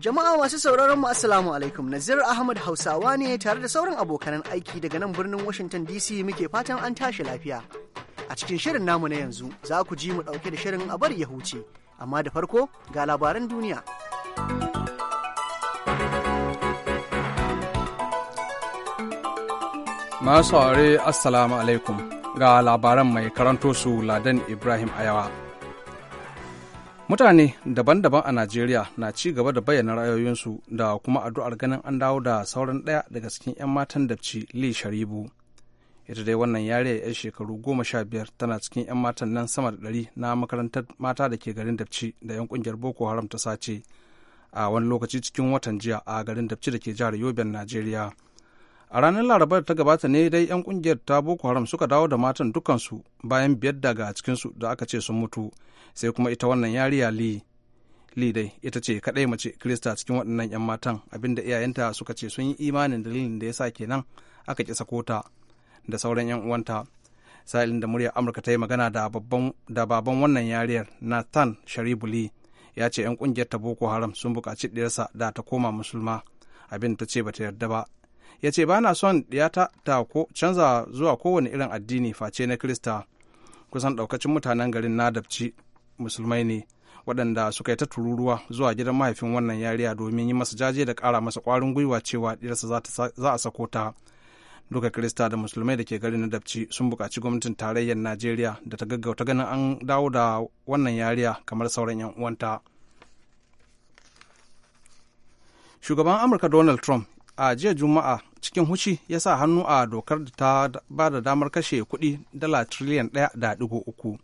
Jama'a masu sauraron mu Assalamu alaikum Nazir Ahmad Hausawa ne tare da sauran abokanan aiki daga nan birnin Washington DC muke fatan an tashi lafiya. A cikin shirin namu na yanzu za ku ji mu ɗauke da shirin a bari ya huce, amma da farko ga labaran duniya. Masu aure Assalamu alaikum ga labaran mai karanto su Ladan Ibrahim Ayawa. mutane daban-daban a najeriya na ci gaba da bayyana ra'ayoyinsu da kuma addu'ar ganin an dawo da sauran ɗaya daga cikin 'yan matan dabci li sharibu ita dai wannan yariya 'yan shekaru goma sha biyar tana cikin 'yan matan nan sama da ɗari na makarantar mata da ke garin dabci da 'yan kungiyar boko haram ta sace a wani lokaci cikin watan jiya a garin dabci da ke jihar yoben najeriya a ranar laraba da ta gabata ne dai 'yan kungiyar ta boko haram suka dawo da matan dukansu bayan biyar daga cikinsu da aka ce sun mutu sai kuma ita wannan yariya li dai ita ce kadai mace krista cikin waɗannan 'yan matan abinda iyayenta suka ce sun yi imanin dalilin da ya sa kenan aka ƙi sakota da sauran 'yan uwanta sa'ilin da muryar amurka ta yi magana da baban wannan yariyar nathan sharibu lee ya ce 'yan kungiyar ta boko haram sun buƙaci ɗiyarsa da ta koma musulma abin ta ce bata yarda ba ya ce ba na son ɗiyata ta canza zuwa kowane irin addini face na krista kusan ɗaukacin mutanen garin na nadabci musulmai ne waɗanda suka yi ta tururuwa zuwa gidan mahaifin wannan yariya domin yi masa jaje da ƙara masa ƙwarin gwiwa cewa ɗiyarsa za a sako ta duka kirista da musulmai da ke garin na dabci sun buƙaci gwamnatin tarayyar najeriya da ta gaggauta ganin an dawo da wannan yariya kamar sauran 'yan uwanta shugaban amurka donald trump a jiya juma'a cikin hushi ya sa hannu a dokar da ta ba da damar kashe kuɗi dala triliyan ɗaya da ɗigo uku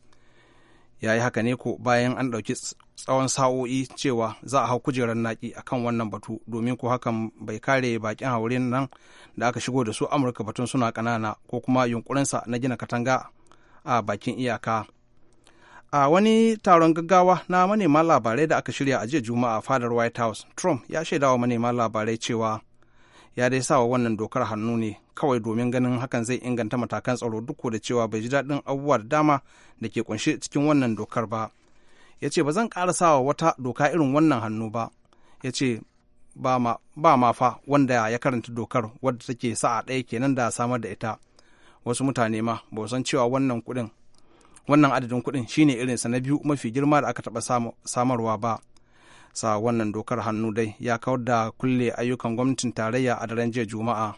ya yi haka ne ko bayan an ɗauki tsawon sa'o'i cewa za a hau kujerar naki kan wannan batu domin ko hakan bai kare bakin haurin nan da aka shigo da su amurka batun suna ƙanana ko kuma yunkurinsa na gina katanga a bakin iyaka a wani taron gaggawa na manema labarai da aka shirya a jiya juma'a fadar white house trump ya shaidawa manema labarai cewa ya dai sawa wannan dokar hannu ne kawai domin ganin hakan zai inganta matakan tsaro duk da cewa bai ji daɗin abubuwa da dama da ke kunshe cikin wannan dokar ba ya ce ba zan ƙara sawa wata doka irin wannan hannu ba ya ce ba ma fa wanda ya karanta dokar wadda take sa'a ɗaya kenan da samar da ita wasu mutane ma ba san cewa wannan kuɗin wannan adadin kuɗin shine irinsa na biyu mafi girma da aka taɓa samarwa ba sa wannan dokar hannu dai ya kawar da kulle ayyukan gwamnatin tarayya a daren jiya juma'a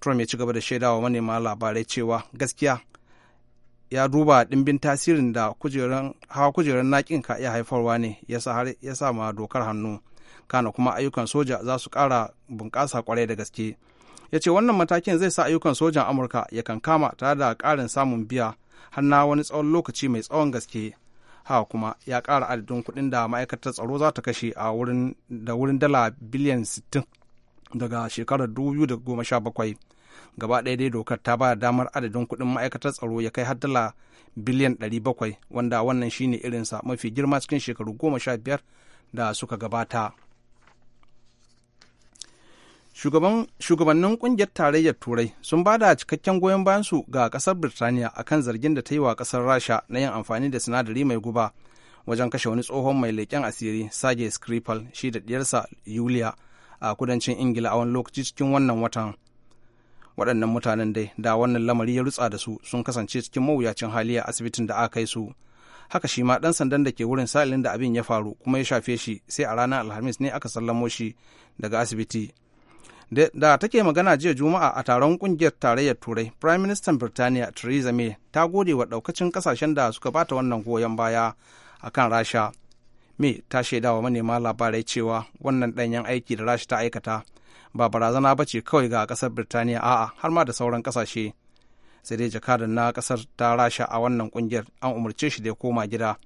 trump ya ci gaba da shaidawa manema labarai cewa gaskiya ya duba dimbin tasirin da hawa kujerar naƙin ka iya haifarwa ne ya sa ma dokar hannu kana kuma ayyukan soja za su ƙara bunƙasa kwarai da gaske ya ce wannan matakin zai sa ayyukan sojan amurka ya kankama tare da ƙarin samun biya har na wani tsawon lokaci mai tsawon gaske haka kuma ya kara adadin kuɗin da ma'aikatar tsaro za ta kashe a wurin da wurin dala biliyan 60 daga shekarar 2017 gaba ɗaya dai dokar ta ba damar adadin kuɗin ma'aikatar tsaro ya kai har dala biliyan 700 wanda wannan shine irinsa mafi girma cikin shekaru goma sha biyar da suka gabata. shugabannin kungiyar tarayyar turai sun ba da cikakken goyon bayansu ga kasar birtaniya akan zargin da ta yi wa kasar rasha na yin amfani da sinadari mai guba wajen kashe wani tsohon mai leƙen asiri sage skripal shi da diyarsa yuliya a kudancin ingila a wani lokaci cikin wannan watan waɗannan mutanen dai da wannan lamari ya rutsa da su sun kasance cikin mawuyacin hali a asibitin da aka kai su haka shi ma ɗan sandan da ke wurin salin da abin ya faru kuma ya shafe shi sai a ranar alhamis ne aka sallamo shi daga asibiti da take magana jiya juma'a a taron kungiyar tarayyar turai prime minister birtaniya theresa may ta gode wa daukacin kasashen da suka bata wannan goyon baya a kan rasha may ta shaida wa manema labarai cewa wannan danyen aiki da rasha ta aikata ba barazana ba ce kawai ga kasar birtaniya a'a har ma da sauran kasashe sai dai jakadan na kasar ta rasha a wannan kungiyar an umarce shi da ya koma gida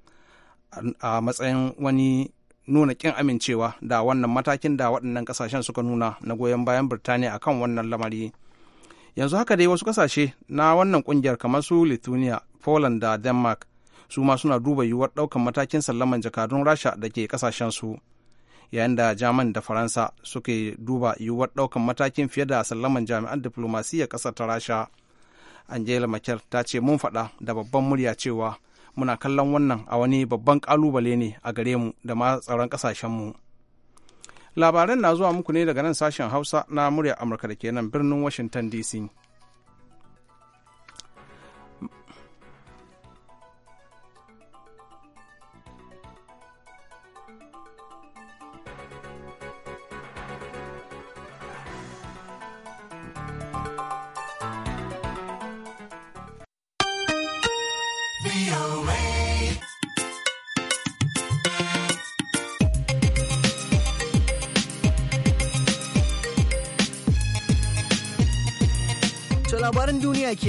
a matsayin wani nuna kin amincewa da wannan matakin da waɗannan kasashen suka nuna na goyon bayan birtaniya akan wannan lamari yanzu haka dai wasu kasashe na wannan ƙungiyar kamar su lithuania poland da denmark su ma suna duba yiwuwar ɗaukan matakin sallaman jakadun rasha da ke su yayin da jaman da faransa suke duba yiwuwar ɗaukan matakin fiye da sallaman jami'an diflomasiyyar ƙasar ta rasha angela merkel ta ce mun faɗa da babban murya cewa muna kallon wannan a wani babban kalubale ne a gare mu da ma tsaron mu. labaran na zuwa muku ne daga nan sashen hausa na murya amurka da ke nan birnin washington dc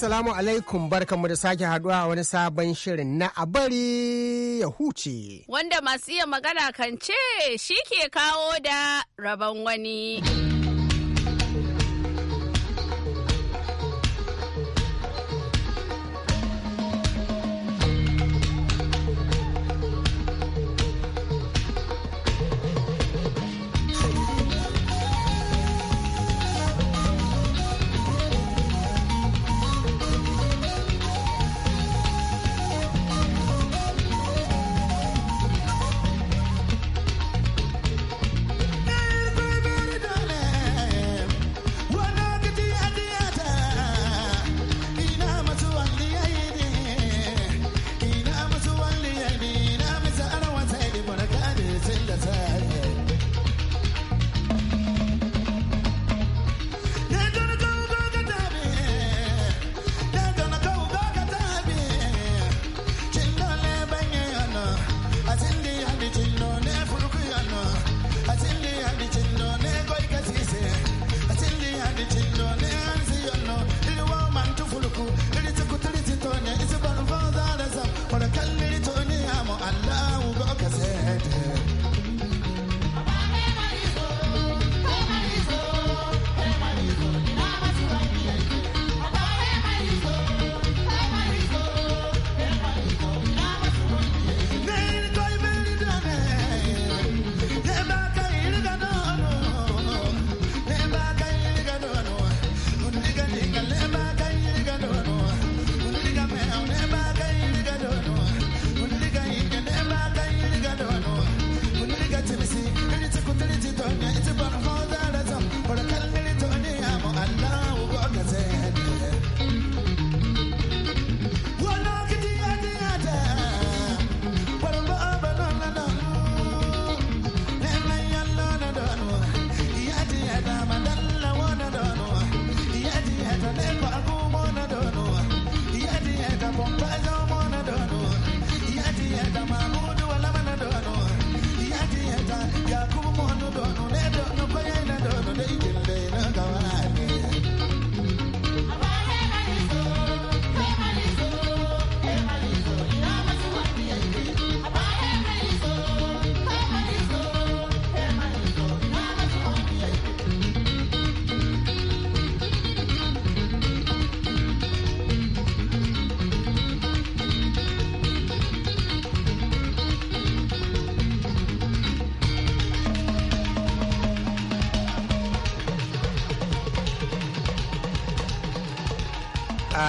Assalamu alaikum barkanmu da sake haduwa a wani sabon shirin na a bari ya huce. Wanda masu iya magana kan ce shi ke kawo da rabon wani.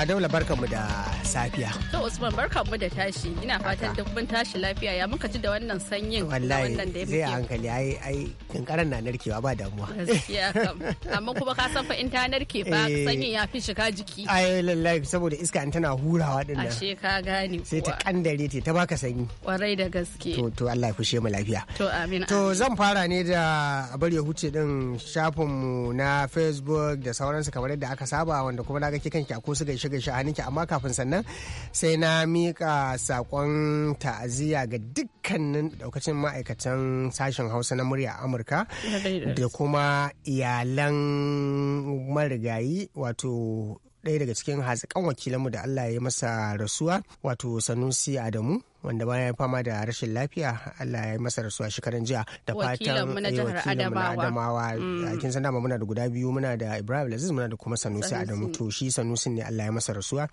daula barkanmu da safiya. Usman Usman barkanmu da tashi. Ina fatan duk mun tashi lafiya ya muka ji da wannan sanyin da wannan da Zai hankali ai ai kankaran na narkewa ba damuwa. Gaskiya kam. Amma kuma ka san fa in ta narke fa eh. sanyin ya fi shiga jiki. Ai lallai saboda iska in tana hurawa din nan. Ashe ka gane. Sai ta kandare te ta baka sanyi. Kwarai da gaske. To to Allah ya fushe mu lafiya. To amin. To zan fara ne da bari ya huce din shafinmu na Facebook da sauransu kamar yadda aka saba wanda kuma na ga kanki a ko su gaishe gaishe a hannunki amma kafin sannan sai dai na mika sakon ta'aziyya ga dukkanin daukacin ma'aikatan sashen hausa na murya amurka da kuma iyalan marigayi wato ɗaya daga cikin hazikan wakilanmu da Allah ya masa rasuwa wato Sanusi Adamu wanda bayan ya fama da rashin lafiya Allah ya masa rasuwa shekaran jiya da fatan wakilanmu na eh, Adamawa mm. kin san muna da guda biyu muna da Ibrahim Aziz muna da kuma Sanusi Adamu to shi Sanusi ne Allah ya masa rasuwa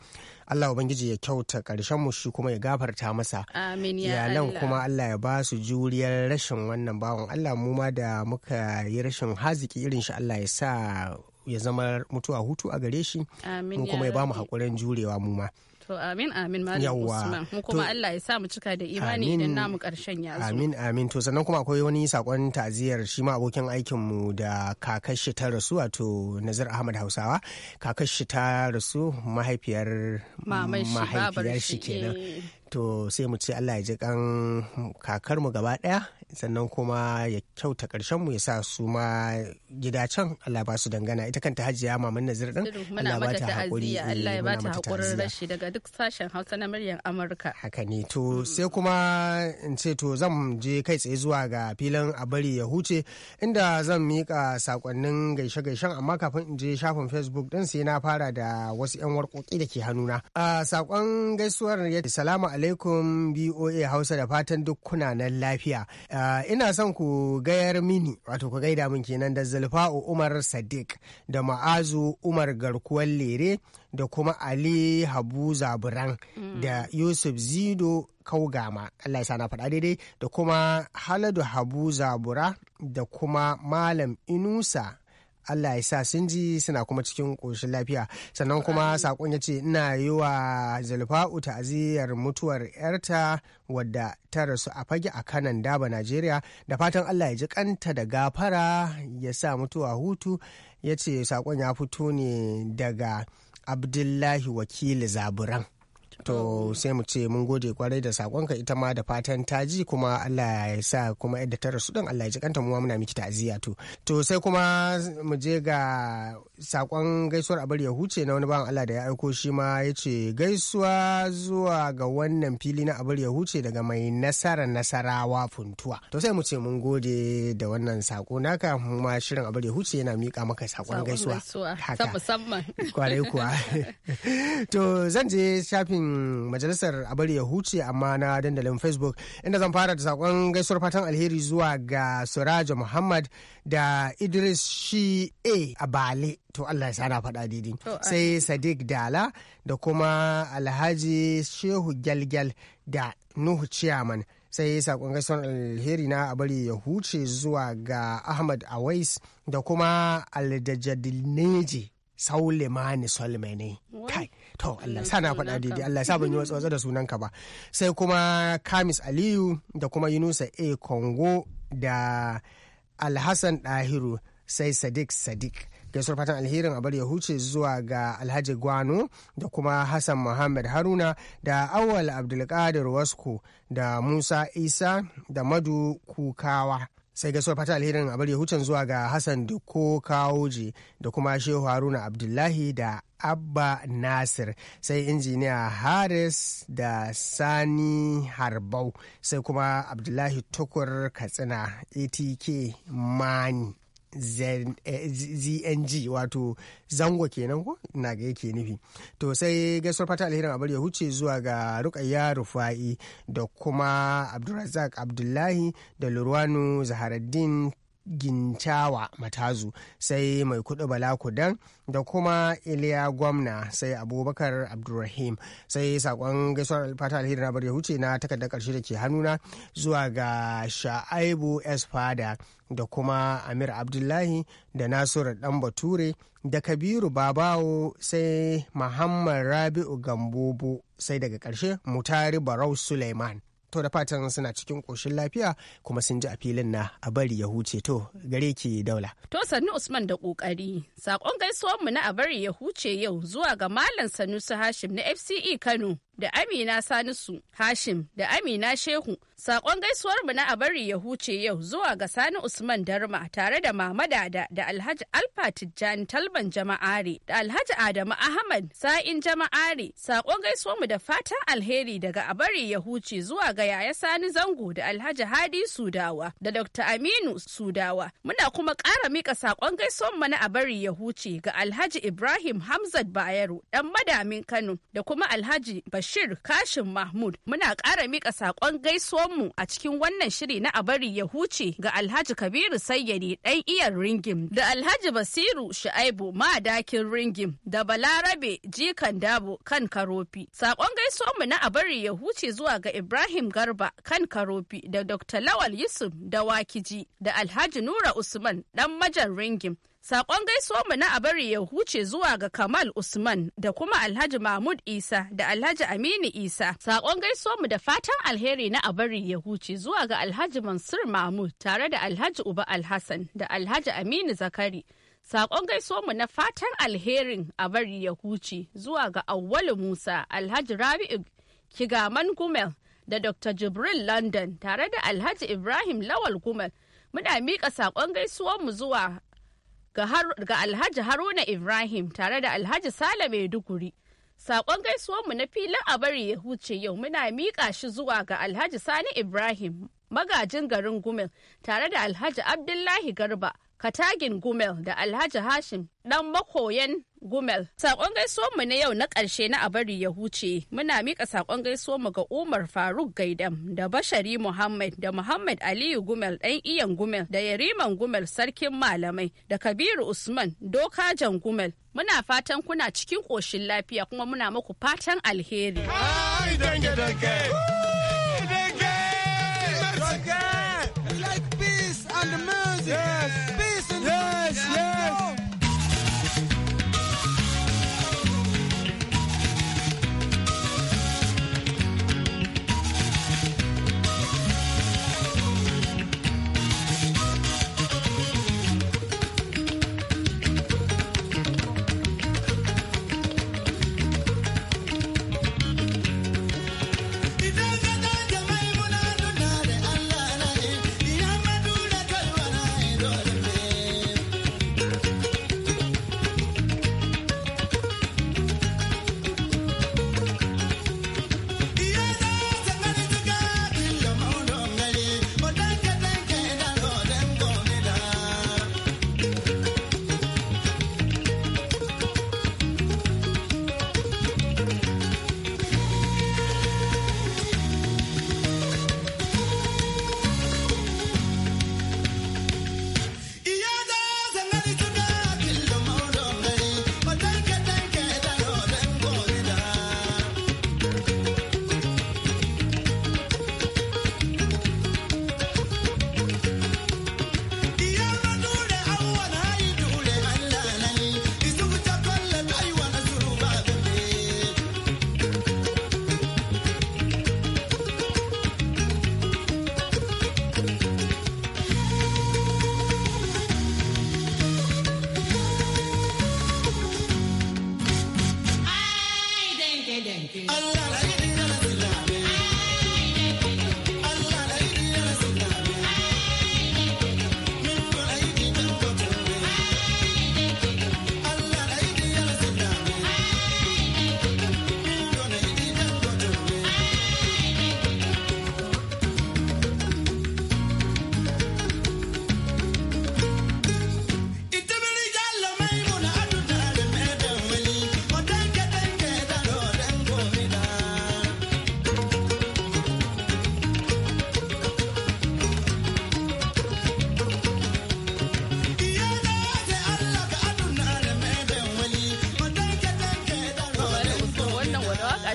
Allah ubangiji ya kyauta karshen mu shi kuma ya gafarta masa amin ya Allah kuma Allah ya ba su juriyar rashin wannan bawan Allah mu ma da muka yi rashin haziki irin shi Allah ya sa ya zama mutuwa hutu a gare shi mu kuma ya bamu hakurin jurewa mu ma to amin amin malam usman mu kuma Allah ya sa mu cika da imani idan namu karshen ya amin amin to sannan kuma akwai wani sakon ta'aziyar shi ma abokin aikin mu da kakashi ta rasu wato Nazir Ahmad Hausawa kakashi ta rasu mahaifiyar mahaifiyar shi kenan eh. to sai mu ce Allah ya ji kan kakarmu gaba ɗaya sannan kuma ya kyauta karshen mu ya sa su ma gida can Allah ba su dangana ita kanta hajiya maman nazir din Allah ba ta hakuri Allah ya ba ta hakurin eh, rashi daga duk sashen Hausa na muryar Amurka haka ne to sai kuma in ce to zan je kai tsaye zuwa ga filin a bari ya huce inda zan mika sakonnin gaishe gaishen amma kafin in je shafin Facebook din sai na fara da wasu yan warkoki da ke hannuna a sakon gaisuwar ya salama alaikum BOA Hausa da fatan duk kuna nan lafiya. Ah, ina son ku gayar mini wato ku gaida min kenan da Zulfa'u Umar Sadiq da Ma'azu Umar Garkuwar Lere da kuma Ali Habu Zaburan mm. da Yusuf Zido Kaugama Allah ya na faɗa daidai da kuma Haladu Habu Zabura da kuma Malam Inusa Allah ya sa sun ji suna kuma cikin ƙoshin lafiya sannan kuma sakon ya ce ina yi wa zulfa'u ta'aziyar mutuwar yarta wadda ta rasu a fage a kanan daba Najeriya da fatan Allah ya ji kanta da gafara ya sa mutuwa hutu ya ce sakon ya fito ne daga Abdullahi wakili zaburan. to sai mu ce mun gode kwarai da sakonka ita ma da fatan ta ji kuma Allah ya sa kuma yadda ta rasu don Allah ya ji kanta muwa muna miki ta'aziyya to to sai kuma mu je ga sakon gaisuwar abar ya huce na wani bawan Allah da ya aiko shi ma ya ce gaisuwa zuwa ga wannan fili na abar ya huce daga mai nasara nasarawa funtuwa to sai mu ce mun gode da wannan sako naka kuma shirin abar ya huce yana mika maka sakon gaisuwa haka kwarai kuwa to zan je shafin majalisar majalisar bari ya huce amma na dandalin facebook inda zan fara da sakon gaisuwar fatan alheri zuwa ga suraja muhammad da idris shi a bale. to allah ya na faɗa didi sai sadiq dala da kuma alhaji shehu gyalgyal da nuhu ciyaman sai sakon gaisuwar alheri na a bari ya huce zuwa ga ahmad awais da kuma aldajadineji saulemani solmene kai to Allah sa na faɗa daidai Allah sa ban yi wasu da sunanka ba sai kuma Kamis Aliyu da kuma Yunusa A Kongo da Alhassan Dahiru sai Sadiq Sadiq gaisuwar fatan alherin a bar ya huce zuwa ga alhaji gwano da kuma hassan muhammad haruna da awal abdulkadir wasko da musa isa da madu kukawa sai gasuwar fata alherin abar hucin zuwa ga hassan kawo kawoji da kuma shehu haruna abdullahi da abba nasir sai injiniya haris da sani harbau sai kuma abdullahi tukur katsina atk mani zng eh, wato zango kenan ko na ga yake nufi to sai gaisuwar fata alherin abar ya huce zuwa ga rukayya rufa'i da kuma abdulrazak abdullahi da lurwanu zaharaddin gintawa matazu sai mai kudu bala kudan da kuma iliya gwamna sai abubakar abdulrahim sai sakon gaisuwar alfata alheri na ya huce na takardar karshe da ke hannuna zuwa ga sha'aibu esfada da kuma amir abdullahi da nasiru dan bature da kabiru babawo sai muhammad rabi'u gambobo sai daga karshe mutari barau suleiman to da fatan suna cikin koshin lafiya kuma sun ji a filin na a bari ya huce to gare ki daula. To sannu Usman da ƙoƙari saƙon gaisuwar mu na a bari ya huce yau zuwa ga Malam Sanusi Hashim na FCE Kano da Amina Sanusu Hashim da Amina Shehu. Sakon gaisuwar mu na abari ya huce yau zuwa ga Sani Usman Darma tare da Mama Dada da Alhaji Alfa Tijjani Talban Jama'are da Alhaji Adamu Ahmad Sa'in Jama'are. Sakon gaisuwar mu da fatan alheri daga abari ya huce zuwa ga Yaya Sani Zango da Alhaji Hadi Sudawa da Dr. Aminu Sudawa. Muna kuma ƙara mika sakon gaisuwar mu na abari ya huce ga Alhaji Ibrahim Hamzat Bayero dan madamin Kano da kuma Alhaji Bashir Bashir kashin Mahmud muna ƙara mika saƙon mu a cikin wannan shiri na abari ya huce ga Alhaji Kabiru Sayyadi ɗan iyar Ringim da Alhaji Basiru Shu'aibu madakin Ringim da Balarabe Jikan Dabo kan Karofi. Saƙon mu na abari ya huce zuwa ga Ibrahim Garba kan Karofi da Dr. Lawal Yusuf da Wakiji da Alhaji Nura Usman ɗan majan Ringim Sakon gaisuwar mu na abari ya huce zuwa ga Kamal Usman da kuma Alhaji Mahmud Isa da Alhaji Aminu Isa. Sakon gaisuwa mu da fatan alheri na abari ya huce zuwa ga Alhaji Mansur Mahmud tare da Alhaji Uba Alhassan da Alhaji Aminu Zakari. Sakon gaisuwa mu na fatan alherin abari ya huce zuwa ga Auwalu Musa, Alhaji Rabi'u Kigaman Gumel da Dr. Jibril London tare da Alhaji Ibrahim Lawal Gumel. muna miƙa saƙon gaisuwanmu zuwa ga Alhaji Haruna Ibrahim tare da Alhaji Sale Maiduguri. Sakon gaisuwanmu na filin a bari ya huce yau muna miƙa shi zuwa ga Alhaji Sani Ibrahim magajin garin Gumin tare da Alhaji Abdullahi Garba Katagin Gumel da Alhaji Hashim dan makoyan Gumel. Sakon gaisuwar mu na yau na ƙarshe na abari ya huce. Muna mika sakon gaisuwar mu ga Umar Faruk Gaidam da Bashari Muhammad da Muhammad Aliyu Gumel ɗan iyan Gumel da Yariman Gumel sarkin malamai da Kabiru Usman Dokajan Gumel. Muna fatan kuna cikin ƙoshin lafiya kuma muna muku fatan alheri.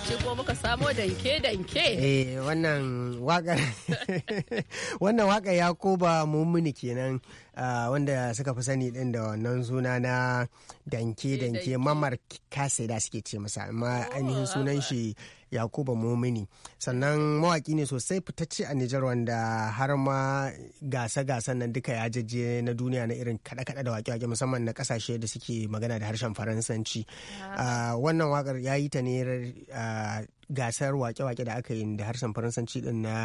ce ko muka samo danke danke eh wannan wakar wannan waka ya koba mummuni kenan ah, wanda suka fi sani din da wannan suna na danke eh, danke mamar kasida suke ce masa amma oh, ainihin sunan shi yakuba momini sannan mawaki ne sosai fitacce a nijar wanda har ma gasa gasan nan duka ya jaje na duniya na irin kada kada da wake wake musamman na kasashe da suke magana da harshen faransanci ah, wannan wakar ya yi ta ne ah, gasar wake-wake da aka yi da harshen faransanci din na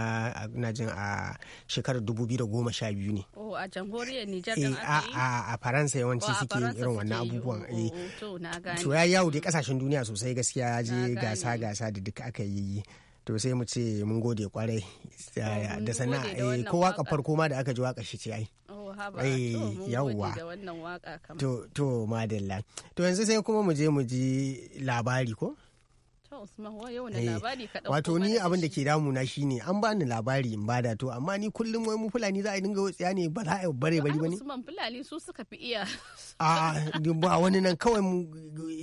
na jin a shekarar 2012 ne. Oh, a jamhuriyar Nijar eh, da aka yi? A Faransa yawanci oh, suke irin wannan abubuwan. Oh, eh, to ya yawo dai kasashen duniya sosai gaskiya je gasa-gasa da duka aka yi. to sai mu ce mun gode kwarai da sana eh, ko waka farko ma da aka ji waka shi ce ai oh, yawwa to madalla to yanzu sai kuma mu je mu ji labari ko Eh, wato ni abin da ke damuna shine an bani labari in bada to amma ni kullum wai mu fulani za a dinga wutsiya ne ba za a bare bari bane. musamman fulani su suka fi iya. A ah, ba wani nan kawai mu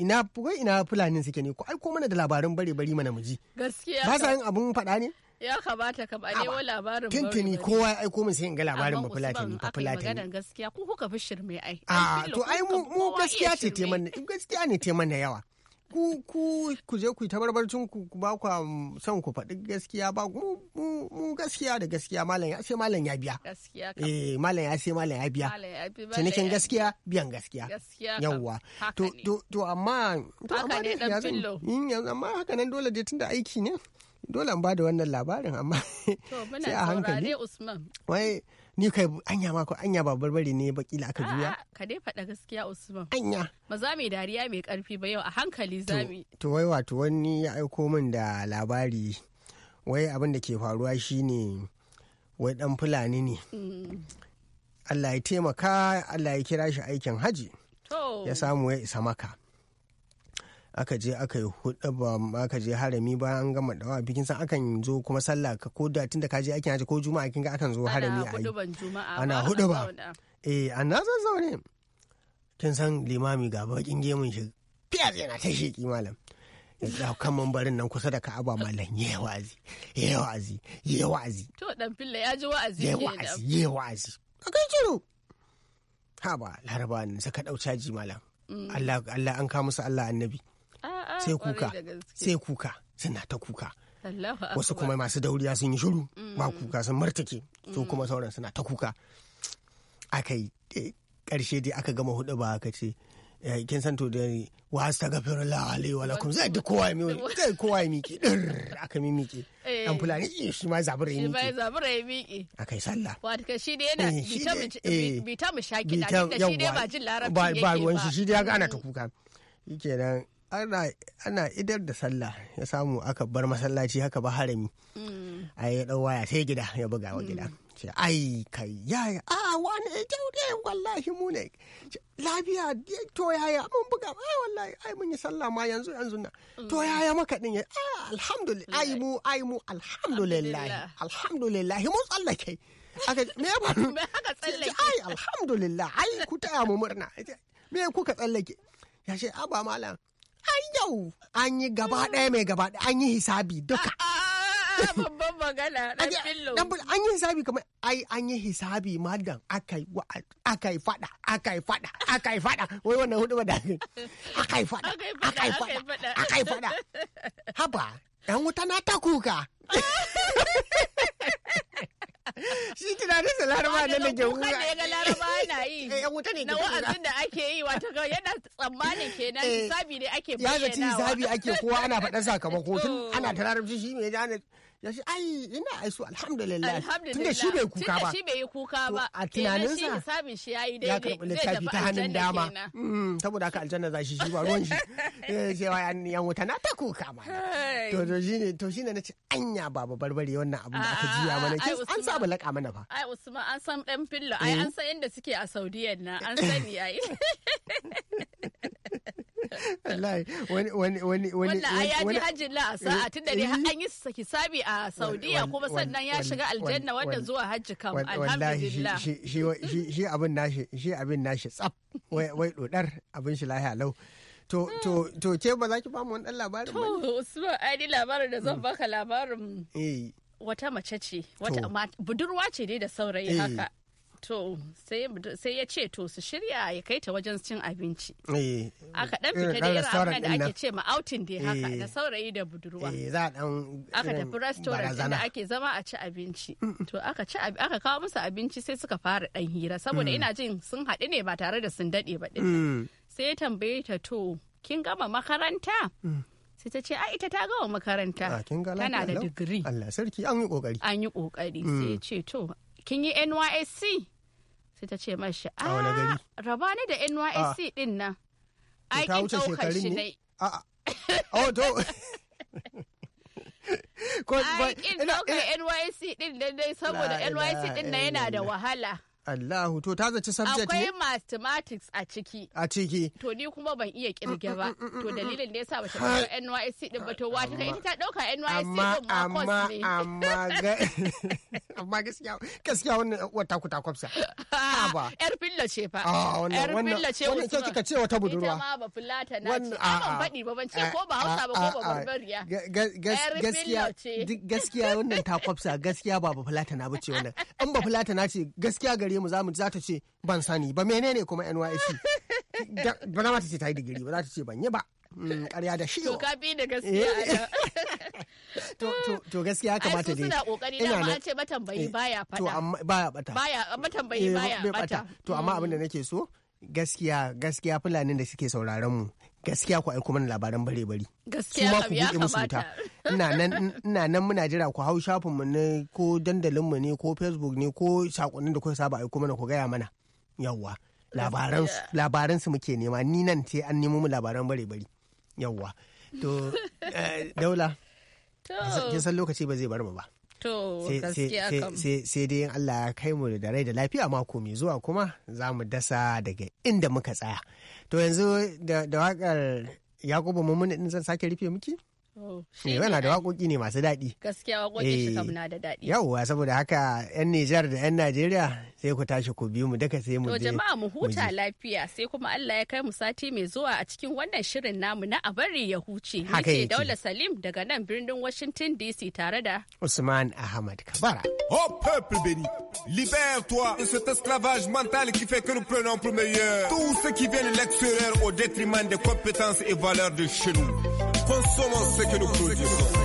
ina wai ina fulanin suke ne ko ai ko mana da labarin bare bari mana mu ji. Gaskiya. Ba sa yin abun faɗa ne? ya kamata ka ba wa labarin tuntuni kowa ai ko min sai in ga labarin ba fulani ba magana gaskiya ku kuka fi shirme ai a ah, to ai mu gaskiya ce te mana gaskiya ne te mana yawa ku ku ku je ku yi tabarbarcin ku ba ku um, son ku faɗi gaskiya ba mu gaskiya da gaskiya malam ya sai malam ya biya eh malam ya sai malam ya biya cinikin gaskiya biyan gaskiya yawwa to to to amma to amma ne dan yanzu amma haka nan dole dai tunda aiki ne dole an da wannan labarin amma sai a hankali wai ni kai anya ma ko anya ba barbare ne kila aka juya ka dai faɗa gaskiya usman anya ba za mu dariya mai karfi ba yau a hankali za mu to wai wato wani ya aiko min da labari wai abin da ke faruwa shine wai dan fulani ne mm. Allah ya taimaka Allah ya kira shi aikin haji ya samu ya isa maka aka je aka yi ba aka je harami ba an gama dawa bikin san akan zo kuma sallah ko da tunda ka je aikin haji ko juma'a kin akan zo harami a yi ana ba. eh an na zaune. kin san limami ga bakin gemun shi fiyaz yana ta sheki malam kan mambarin nan kusa da ka'aba malam ya wa'azi ya wa'azi ya wa'azi to dan filla ya ji wa'azi ya wa'azi ya wa'azi akai ciro ha ba laraba sai ka dau caji malam mm. Allah Allah an ka musu Allah annabi sai kuka sai kuka suna ta kuka wasu kuma masu dauriya sun yi shiru mm. ba kuka sun martake su mm. kuma sauran suna ta kuka aka yi karshe e, dai aka gama hudu ba aka ce kin san to da wa astaghfirullah alaihi wa lakum zai da kowa mi zai kowa mi ki dir aka mi miki dan eh. fulani eh, shi ma zabura yi miki shi ma zabura yi miki akai sallah wato kai shi dai yana ta mu shaki da shi dai ba jin larabci yake ba ba wani shi shi dai ga ana ta kuka kenan ana idar da sallah ya samu aka bar masallaci haka ba harami mm. a ya ɗau waya sai gida ya buga wa gida ce mm. ai kai yaya a wani ya ne? wallahi mu ne lafiya to yaya mun buga ai wallahi ai mun yi sallah ma yanzu yanzu na mm. to yaya maka din a alhamdulillah ai mu ai mu alhamdulillah alhamdulillah mun tsallake aka me ya faru ai alhamdulillah ai ku taya mu murna me kuka tsallake ya ce a ba malam yau. An yi gaba ɗaya mai gaba ɗaya, an yi hisabi duka. Babban magana, ɗan fillo. Ɗan an yi hisabi kamar, ai, an yi hisabi madan aka yi aka yi fada, aka yi faɗa, aka yi faɗa. Wai wannan hudu da aka yi faɗa, aka yi faɗa, aka yi faɗa, aka yi faɗa. Haba, ‘yan wuta na ta shi tunanin sa laraba ne da ke wuka da ya ga laraba eh, na yi na wa'azin da ake yi ta ga yana tsammanin kenan eh, hisabi ne ake bayyana ya zaci hisabi ake kowa ana faɗa sakamako tun ana ta larabci shi me ya ya ce ai ina aisu alhamdulillah tunda shi bai kuka ba shi bai kuka ba a eh, tunanin sa shi yayi ya karbi littafi ta hannun dama mm, saboda haka aljanna za shi shi ba ruwan shi eh, sai wai an yan wuta na ta kuka ma to to shine to shine nace anya ba barbare wannan abu da aka jiya mana ah, ah, ah, ke an saba laka mana fa ai usman an san dan fillo ai eh. an san inda suke a saudiyan na an sani ai wallahi wani wani wani wani wani ya ji hajjin la sa'a tunda dai an yi hisabi a Saudiya kuma sannan ya shiga aljanna wanda zuwa hajji kam alhamdulillah shi shi abin nashi shi abin nashi tsaf wai dodar abin shi lahiya lau to to to ke ba za ki ba mu wani dan labarin ba to Usman ai labarin da zan mm. baka labarin eh. wata mace ce wata budurwa ce dai da saurayi eh. haka to sai ya ce to su shirya ya kai ta wajen cin abinci eh, aka dan fita da irin abin da ake ce ma outing dai haka eh. da saurayi da budurwa eh, aka tafi restaurant da ake zama a ci abinci to aka ci aka kawo musu abinci sai suka fara dan hira saboda mm. ina jin sun haɗu ne ba tare da sun daɗe ba din mm. sai ya tambaye ta to kin gama makaranta mm. sai ta ce a ita ta gama makaranta ah, tana da digiri Allah sarki an yi kokari an yi kokari sai ya ce to kin yi NYSC sai ta ce mashi a ah, raba ni da NYSC ah. din nan aikin daukar shi ne oh, a to ko ina NYSC din dai saboda NYSC din na yana da wahala Allahu to ta zaci subject ne? Akwai mathematics a ciki. A ciki. To ni kuma ban iya kirge ba. Mm, mm, mm, to dalilin da yasa bata dauka NYSC din ba to wata kai ta dauka NYSC din ba course ne. Amma amma amma gaskiya gaskiya wannan wata ku ta kwafsa. Ba. Yar filla ce fa. Ah wannan wannan wannan ce kika ce wata budurwa. Ita ma ba ta na ce. Ban fadi ba ban ce ko ba Hausa ba ko ba Barbariya. Gaskiya gaskiya wannan ta kwafsa gaskiya ba ba ta na ba ce wannan. In ba ta na ce gaskiya gari gare mu zamu za ta ce ban sani ba menene kuma NYSC ba za ta ce ta yi digiri ba za ta ce ban yi ba karya mm, da shi to ka bi da gaskiya eh. to to to gaskiya kamata dai suna kokari da ma ce matambayi eh. baya fada to amma baya bata baya matambayi eh, baya bata to amma abin da mm. nake so gaskiya gaskiya fulani da suke sauraron mu gaskiya ku aiko mana labaran bare bari gaskiya ku buɗe musu wuta ina nan ina nan muna jira ku hau shafin mu ne ko dandalin mu ne ko facebook ne ko sakonnin da kuka saba aiko mana ku gaya mana yawwa labaran labaran su muke nema ni nan ce an nemo mu labaran bare bari yawwa to eh, daula kin san lokaci ba zai bar mu ba To Sai dai Allah ya kai mu da rai da lafiya mako mai zuwa kuma za mu dasa daga inda muka tsaya. To yanzu da waƙar Yakubu Mumuni din zan sake rufe miki? Eh yana da waƙoƙi ne masu daɗi. Gaskiya waƙoƙi shi kam eh, na da daɗi. Yawwa saboda haka 'yan Nijar da 'yan Najeriya sai ku tashi ku biyu mu daga sai mu je. To jama'a mu huta lafiya sai kuma Allah ya kai mu sati mai zuwa a cikin wannan shirin namu na abari ya huce. Haka yake. Daula Salim daga nan birnin Washington DC tare da Usman Ahmad Kabara. Oh peuple béni, libère-toi de cet esclavage mental qui fait que nous prenons pour meilleur tout ce qui vient de l'extérieur au détriment des compétences et valeurs de chez nous. consommons ce que nous produisons.